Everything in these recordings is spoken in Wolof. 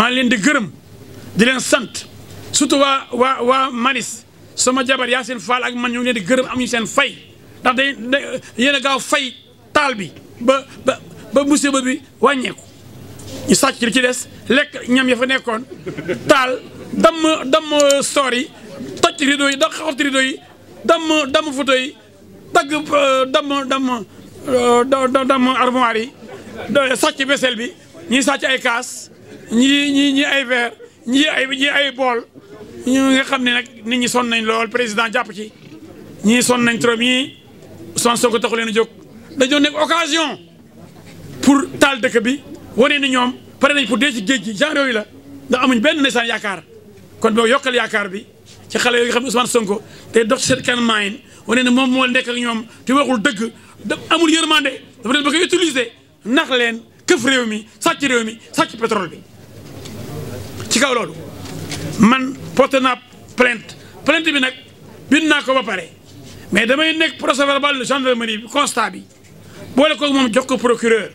maa ngi leen di gërëm di leen sant surtout waa waa waa Maris sama jabar yaa seen faal ak man ñu ngi leen di gërëm amuñu seen fay ndax day yéen a gaaw fay taal bi ba ba ba musiba bi wàññeeku ñu sàcc li ci des lekk ñam ya fa nekkoon taal damm damm soor yi toj rideau yi da xaxat rideau yi damm damm photo yi dagg euh, damm damm euh, damm armoire yi sàcc vaisselle bi ñuy sàcc ay kaas ñii ñii ñii ay verre ñii ay ñii ay bool ñu nga xam ne nag nit ñi sonn nañ lool président jàpp ci ñii sonn nañ trop ñii son soo ko taxu leen a jóg dañoo nekk occasion pour taal dëkk bi wane ni ñoom pare nañ pour dee ci géej gi genre yooyu la ndax amuñ benn ndeysaan yaakaar kon boo yokkal yaakaar bi ci xale yooyu nga xam ne Ousmane Sonko te dox seen kanam maayin wane ne moom moo nekk ñoom te waxul dëgg da amul yërmande dafa leen bëgg a utiliser nax leen këf réew mi sàcc réew mi sàcc pétrole bi ci kaw loolu man porté naa plainte plainte bi nag bind naa ko ba pare mais damay nekk procès verbal gendarmerie bi constat bi boole ko moom jox ko procureur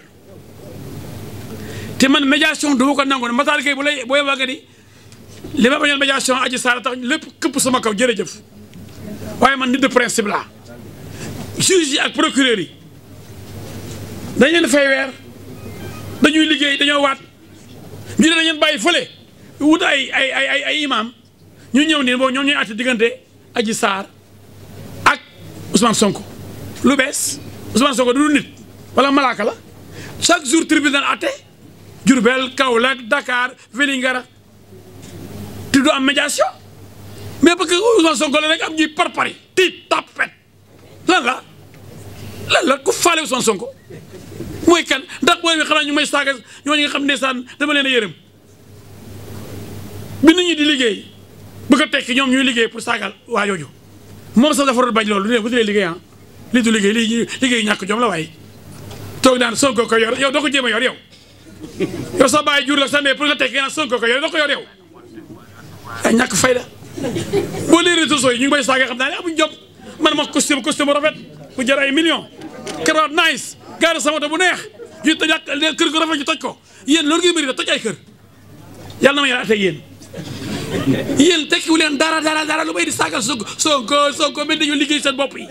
te man médiation du ma ko nangu ne Matar Gueye bu lay booy wàgga di li ma bañoon médiation aji saara tax lépp këpp sama kaw jëf waaye man nit de principe la juge ak procureur yi dañ leen weer dañuy liggéey dañoo waat ñu ne dañ leen wut ay ay ay ay imaam ñu ñëw nii boobu ñoom ñooy àtte diggante Adji Sarr ak Ousmane Sonko lu bees Ousmane Sonko du du nit wala malaaka la chaque jour tribunal àtte Diourbel Kaolack Dakar Vélingara te du am médiation mais parce que Ousmane Sonko la rek am ñuy parpari ti tapet lan la lan la ku faale Ousmane Sonko mooy kan ndax booy bi xanaa ñu may saaga ñooñu nga xam ne saan dama leen a yërëm bi nit ñi di liggéey bu ko tekki ñoom ñuy liggéey pour saagal waa jooju moom sax dafa doon bañ loolu ne bu dee liggéey ah lii du liggéey lii liggéey ñàkk jom la waaye toog naan Sonko ko yor yow doo ko jéem a yor yow yow sa bàyyi jur la sa mais pour nga tekki naan Sonko ko yor doo ko yor yow ay ñàkk fayda boo lee réseaux yi ñu ngi bay saaga xam naa ne amuñ jom man ma costume costume rafet bu jar ay millions karawaat nice gaari sama oto bu neex ñu toj ak kër gu rafet ñu toj ko yéen loolu ngi bëri da toj ay kër yàlla na ma yàlla atee yéen yéen tekkiwu leen dara dara dara lu may di saagal Sonko Sonko Sonko mel dañu liggéey seen bopp yi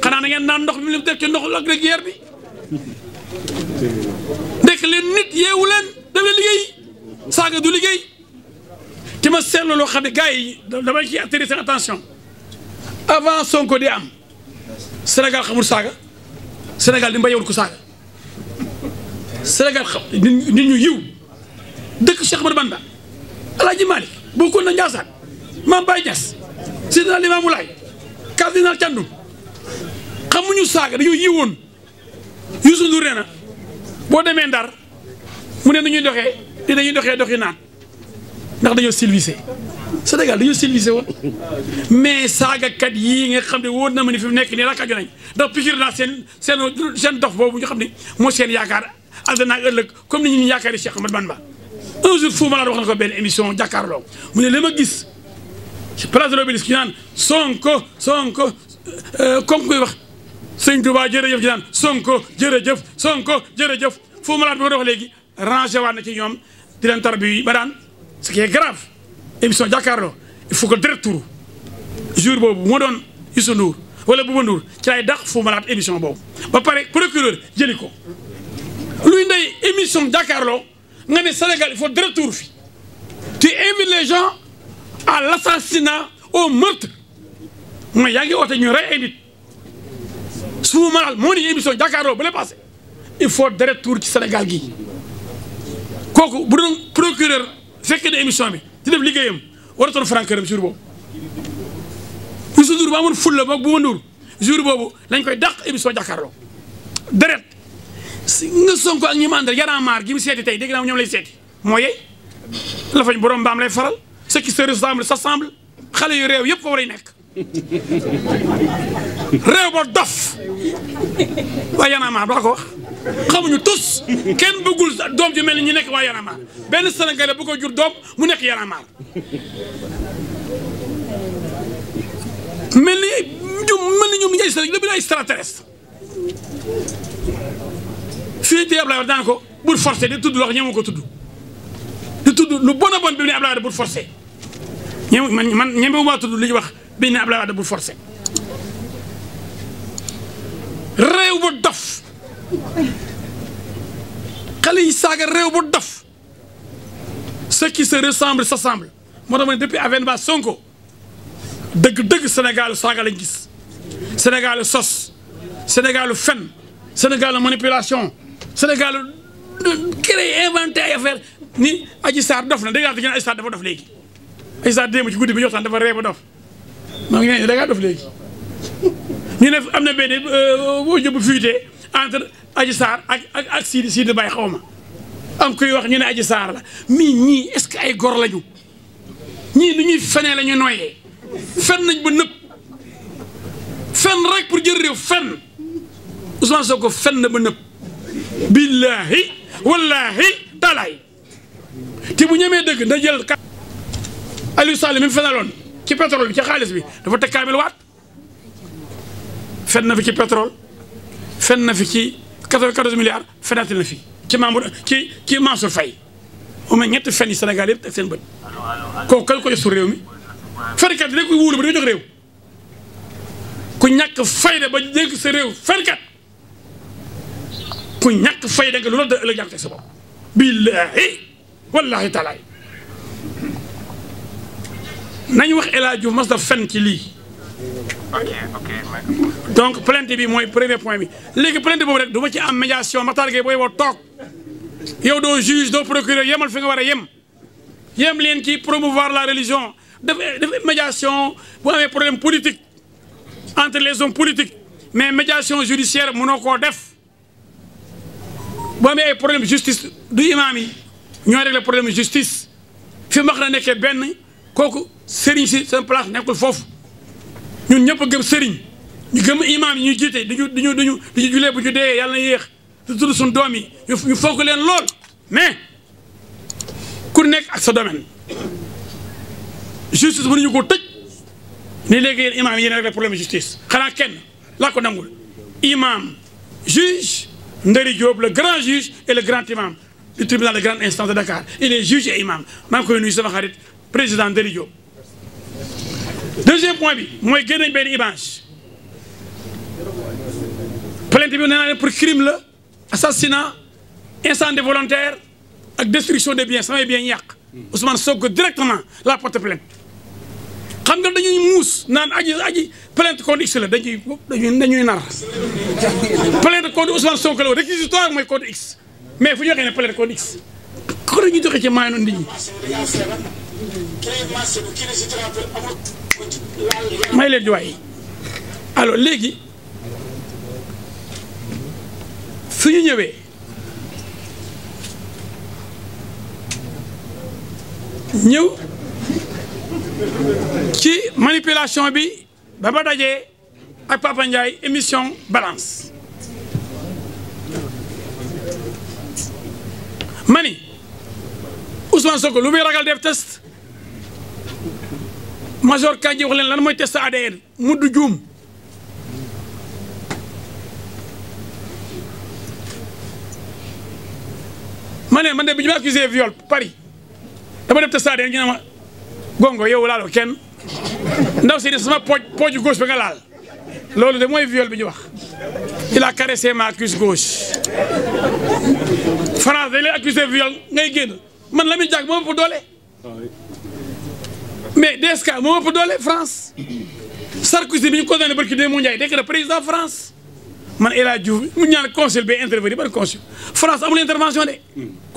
xanaa na ngeen naan ndox mi la teg ci ndoxu ak rek bi ndekk leen nit yeewuleen leen li leen liggéey saaga du liggéey te ma seetlu loo xam ne gars yi damay ci attirer seen attention avant Sonko di am Sénégal xamul saaga Sénégal di mbayewul ko saaga Sénégal xam nit ñu yiw dëkk Cheikh Ahmadou Bamba Alaaji Malick bokkoon na Ndiassane Mame Baye Niass Seydina Limamou Laye cardinal Thiandoum ñu saaga dañoo yiwoon Youssou Ndour nee na boo demee Ndar mu ne ñuy doxee te dañuy doxee doxi naan ndax dañoo silvisé Sénégal dañoo silvisé woon mais saagakat yii nga xam ne wóor na fi mu nekk nii rakkaju nañ ndax pikir naa seen seen seen boobu ñu xam ne moo seen yaakaar àddina ak ëllëg comme ni ñu yaakaari ma Ahmadou Bamba un jour Fou Malade wax na ko benn émission jàkkaarloo mu ne li ma gis place de l'Obélisque ñu naan Sonko Sonko euh, comme koy wax sëñ Touba jërëjëf ñu naan Sonko jërëjëf Sonko jërëjëf Fou Malade bi ko léegi rangé waat na ci ñoom di leen tar bi ba daan ce qui grave émission jàkkaarloo il faut que direct boobu moo doon Youssou Ndour wala Bouba Ndour ci lay dàq Fou émission boobu ba pare procureur jëli ko luy ndey émission jàkkaarloo nga ne Sénégal il faut de retour fi tu invites les gens à l'assassinat au meurtre mooy yaa ngi oote ñu rey ay nit suufu maral moo ni émission jàkkaarloo bu le passé il faut de retour ci Sénégal gi kooku bu doon procureur fekkee ne émission bi di def liggéeyam waratoon francëram jour boobu Youssou Ndour ba amoon fulla ma Ndour jour boobu lañ koy dàq émission jàkkaarloo deret nga Sonko ak ñi mu àndal gi mu seeti tey dégg naa ñoom lay seeti moo yey la fañ mbaam lay faral ce qui se ressemble s'assemble xale yu réew yëpp fa war a nekk réew ba dof waa yaram maar ko wax xamuñu tus kenn bëggul doom ji mel ni ñu nekk waa yaram maar benn Sénégalais bu ko jur doom mu nekk yaram maar mel ni ñu mel ni ñoom ñu ay extraterrestre fii di Abdoulaye Wade daan ko bul forcé di tudd loo xam ko tudd di tudd lu bon a bon bi mu ne Abdoulaye Wade bul forcé ñem man man ñemewu maa wax bi ñu ne bul forcé réew bu dof xale saaga réew bu dof ce qui se ressemble s'assemble moo tax ma ne depuis ba Sonko dëgg-dëgg Sénégal saaga lañ gis Sénégal sos Sénégal fen Sénégal manipulation Sénégal créé inventé ay affaire ni Adji Sarr dof na dégg naa dañu Adji Sarr dafa dof léegi Adji Sarr démb ci guddi bi ñu waxtaan dafa ree ba dof maa ngi ne da ngaa dof léegi ñu ne am na benn boo euh, jëbu fuité entre Adji Sarr ak ak ak Sidi Sidi Baye xaw ma am kuy wax ñu ne Adji saar la mii ñii est-ce que ay gor lañu ñii lu ñuy fenee la ñu noyee fen nañ ba nëpp fen rek pour jël réew fen Ousmane ko fen na ba nëpp billaahi wallaahi talaay te bu ñemee dëgg na jël ka Aliou Sall mi fenaloon ci pétrole bi ci xaalis bi dafa teg kaamil waat fen na fi ci pétrole fen na fi ci 94 milliards fenaati na fi ci membre ci ci Mansour Faye au moins ñetti fen yi Sénégal yëpp teg seen bët kooku kan ko su réew mi fenkat dina ko wóolu ba dina jox réew ku ñàkk fayda ba dégg sa réew fenkat ku ñàkk fayda nga la da ëllëg yaa ngi teg sa billaahi wallaahi taalaay nañ wax El Hadj Diouf mas da fen ci lii donc plainte bi mooy premier point bi léegi plainte boobu rek du ma ci am médiation Matar Gueye booy boo toog yow doo juge doo procureur yemal fi nga war a yem yem leen ci promouvoir la religion def def médiation bu amee problème politique entre les hommes politiques mais médiation judiciaire mënoo koo def boo amee ay problème justice du imaam yi ñooy régler problème justice fi mu na nekkee benn kooku sëriñ si seen place nekkul foofu ñun ñëpp gëm sëriñ ñu gëm imaam yi ñuy jiite duñu duñu duñu duñu julee bu ñu dee yàlla na yéex su tudd doom yi ñu fonk leen lool mais ku nekk ak sa domaine justice mënuñu ko tëj ni léegi yéen imaam yi yéen régler problème justice xanaa kenn laa ko nangul imaam Ndari Diop le grand juge et le grand imam du tribunal de grande instance de Dakar il est juge et imam maa koy nuyu sama xarit président Ndari Diop. deuxième point bi mooy génne benn image plainte bi nee pour crime la assassinat incendie volontaire ak destruction des biens samay biens yàq Ousmane Sonko directement la porte plainte xam nga dañuy muus naan aji aj plainte contre X la dañuy dañuy dañuy nar plainte contre Ousmane Sonko la woon réquisitoire mooy contre mais fu ñu waxee ne plainte contre X ko la ñuy ci maay noonu nit ñi may leen juwaay alors léegi su ñu ñëwee ñëw ci manipulation bi ba ba dajee ak Papa émission balance mani Ousmane Sonko lu may ragal def test major Kandji wax leen lan mooy test ADN mudd juum ma ne man de bi ñu ma accusé Paris dama def test ADN ñu ne ma gongo yow laal ko kenn ndaw si ne sama pooj pooju gauche ba nga laal loolu de mooy viol bi ñu wax il a caressé ma cuisse gauche France dañ lay accusé viol ngay génn man la muy jàkk moo ëpp doole mais DSK moo ëpp doole France Sarkozy bi ñu ko condamné barki dee mu Ndiaye nekk na président France man El Hadj ñaan conseil ba intervenir ban conseil France amul intervention de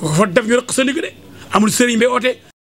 kooku fa def ñu rek sa ndigg de amul sëriñ bay oote